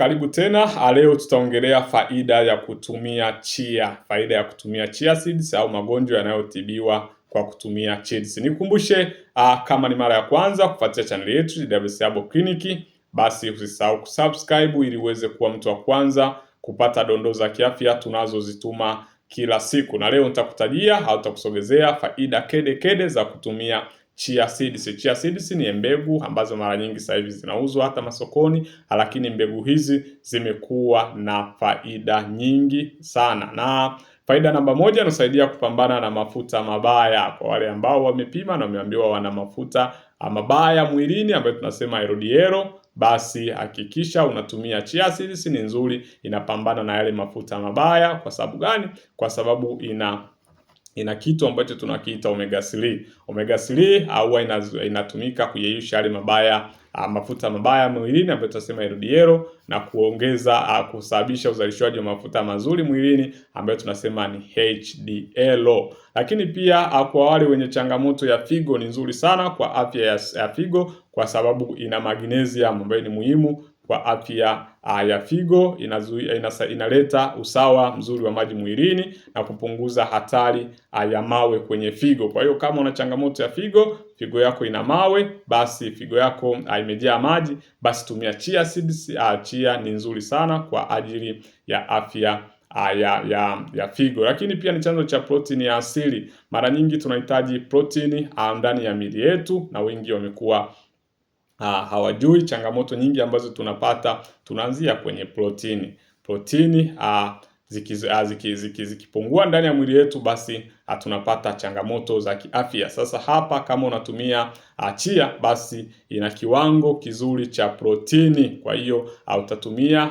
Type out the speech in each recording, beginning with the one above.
karibu tena. Ah, leo tutaongelea faida ya kutumia chia, faida ya kutumia chia seeds au magonjwa yanayotibiwa kwa kutumia chia seeds. Nikukumbushe uh, ah, kama ni mara ya kwanza kufuatia chaneli yetu Dabo Clinic, basi usisahau kusubscribe ili uweze kuwa mtu wa kwanza kupata dondoo za kiafya tunazozituma kila siku, na leo nitakutajia au nitakusogezea faida kede kede za kutumia chia seeds. Chia seeds ni mbegu ambazo mara nyingi sasa hivi zinauzwa hata masokoni, lakini mbegu hizi zimekuwa na faida nyingi sana na faida namba moja, inasaidia kupambana na mafuta mabaya. Kwa wale ambao wamepima na wameambiwa wana mafuta ah, mabaya mwilini ambayo tunasema LDL, basi hakikisha unatumia chia seeds. Ni nzuri, inapambana na yale mafuta mabaya. Kwa sababu gani? Kwa sababu ina ina kitu ambacho tunakiita omega 3. Omega 3 au ah, inatumika kuyeyusha yale mabaya a, ah, mafuta mabaya mwilini ambayo tunasema LDL na kuongeza ah, kusababisha uzalishaji wa mafuta mazuri mwilini ambayo tunasema ni HDL. Lakini pia a, kwa wale wenye changamoto ya figo ni nzuri sana kwa afya ya, ya figo kwa sababu ina magnesium ambayo ni muhimu kwa afya ah, ya figo, inazuia, inasa, inaleta usawa mzuri wa maji mwilini na kupunguza hatari ah, ya mawe kwenye figo. Kwa hiyo kama una changamoto ya figo, figo yako ina mawe, basi figo yako ah, imejaa maji, basi tumia chia seeds. Chia ni nzuri sana kwa ajili ya afya ya, ya, ya figo, lakini pia ni chanzo cha protini ya asili. Mara nyingi tunahitaji protini ndani ya miili yetu na wengi wamekuwa hawajui changamoto nyingi ambazo tunapata. Tunaanzia kwenye protini. Protini zikipungua ndani ya mwili yetu basi Ah, tunapata changamoto za kiafya. Sasa hapa kama unatumia ah, chia, basi ina kiwango kizuri cha protini, kwa hiyo ah, utatumia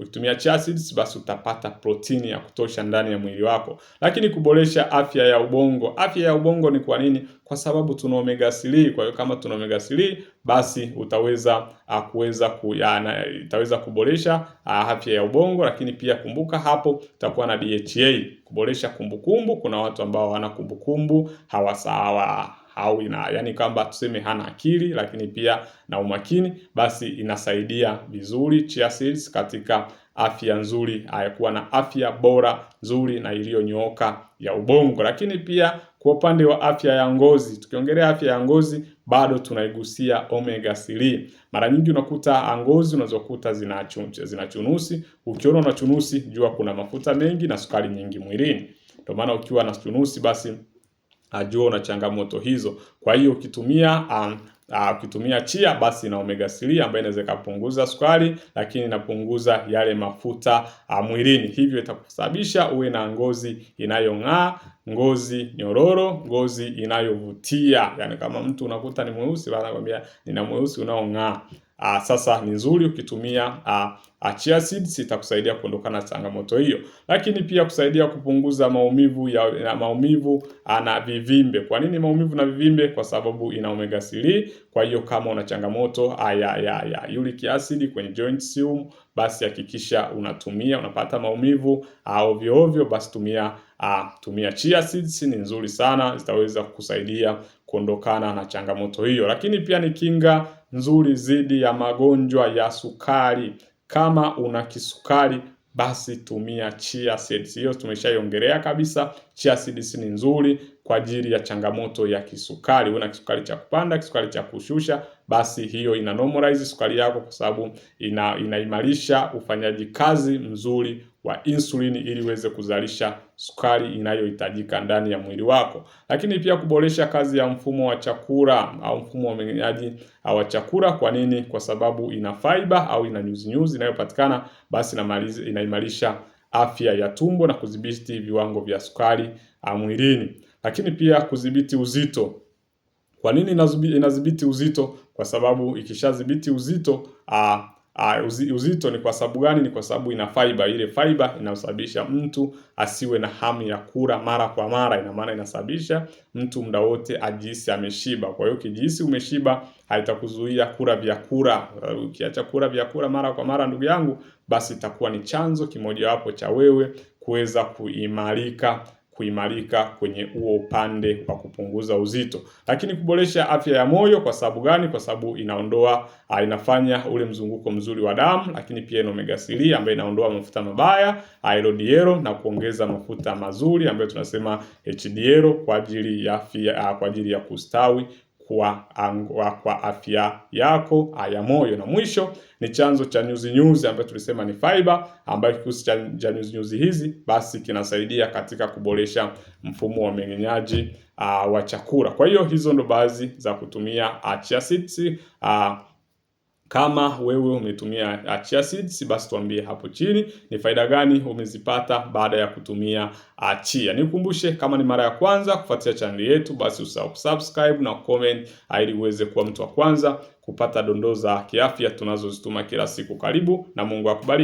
ukitumia chia seeds basi utapata protini ya kutosha ndani ya mwili wako. Lakini kuboresha afya ya ubongo, afya ya ubongo ni kwa nini? Kwa sababu tuna omega 3. Kwa hiyo kama tuna omega 3 basi utaweza kuweza ku, itaweza kuboresha afya ya ubongo, lakini pia kumbuka hapo utakuwa na DHA kuboresha kumbukumbu. Kuna watu ambao wana kumbukumbu hawasawa au ina yani kwamba tuseme hana akili, lakini pia na umakini, basi inasaidia vizuri chia seeds katika afya nzuri, kuwa na afya bora nzuri na iliyonyooka ya ubongo. Lakini pia kwa upande wa afya ya ngozi, tukiongelea afya ya ngozi bado tunaigusia omega 3. Mara nyingi unakuta ngozi unazokuta zina chunusi, Ukiona na chunusi, jua kuna mafuta mengi na sukari nyingi mwilini. Ndio maana ukiwa na chunusi basi najua una changamoto hizo. Kwa hiyo ukitumia um, uh, ukitumia chia basi na omega 3 ambayo inaweza ikapunguza sukari, lakini inapunguza yale mafuta uh, mwilini, hivyo itakusababisha uwe na ngozi inayong'aa, ngozi nyororo, ngozi inayovutia. Yani kama mtu unakuta ni mweusi, bana kwambia nina mweusi unaong'aa. Aa, ah, sasa ni nzuri ukitumia uh, chia seeds itakusaidia kuondokana na changamoto hiyo, lakini pia kusaidia kupunguza maumivu ya, na maumivu na vivimbe. Kwa nini maumivu na vivimbe? Kwa sababu ina omega 3. Kwa hiyo kama una changamoto ya, ya, ya uric acid kwenye joint humu, basi hakikisha unatumia, unapata maumivu ovyo ovyo, basi tumia uh, tumia chia seeds, ni nzuri sana, zitaweza kukusaidia kuondokana na changamoto hiyo, lakini pia ni kinga nzuri dhidi ya magonjwa ya sukari. Kama una kisukari basi tumia chia seeds. Hiyo tumeshaiongelea kabisa. Chia seeds ni nzuri kwa ajili ya changamoto ya kisukari, una kisukari cha kupanda, kisukari cha kushusha, basi hiyo ina normalize sukari yako, kwa sababu ina inaimarisha ufanyaji kazi mzuri wa insulini ili iweze kuzalisha sukari inayohitajika ndani ya mwili wako, lakini pia kuboresha kazi ya mfumo wa chakula au mfumo wa mmeng'enyaji wa chakula. Kwa nini? Kwa sababu ina fiber au ina nyuzi inayopatikana, basi inaimarisha afya ya tumbo na kudhibiti viwango vya sukari ah, mwilini. Lakini pia kudhibiti uzito. Kwa nini inadhibiti uzito? Kwa sababu ikishadhibiti uzito aa, aa, uzito ni kwa sababu gani? Ni kwa sababu ina fiber. Ile fiber inasababisha mtu asiwe na hamu ya kula mara kwa mara, ina maana inasababisha mtu muda wote ajihisi ameshiba. Kwa hiyo ukijihisi umeshiba haitakuzuia kula vyakula. Ukiacha kula vyakula mara kwa mara, ndugu yangu, basi itakuwa ni chanzo kimojawapo cha wewe kuweza kuimarika kuimarika kwenye huo upande wa kupunguza uzito. Lakini kuboresha afya ya moyo kwa sababu gani? Kwa sababu inaondoa ah, inafanya ule mzunguko mzuri wa damu, lakini pia ina omega 3 ambayo inaondoa mafuta mabaya ah, LDL na kuongeza mafuta mazuri ambayo tunasema HDL kwa ajili ya afya, ah, kwa ajili ya kustawi kwa, kwa afya yako ya moyo. Na mwisho ni chanzo cha nyuzi nyuzi ambayo tulisema ni fiber, ambayo kikosi cha nyuzi nyuzi hizi basi kinasaidia katika kuboresha mfumo wa mmeng'enyaji uh, wa chakula. Kwa hiyo hizo ndo baadhi za kutumia chia seeds uh, kama wewe umetumia chia seeds, basi tuambie hapo chini ni faida gani umezipata baada ya kutumia chia. Nikukumbushe, kama ni mara ya kwanza kufuatia chaneli yetu, basi usahau kusubscribe na comment ili uweze kuwa mtu wa kwanza kupata dondoo za kiafya tunazozituma kila siku. Karibu na Mungu akubariki.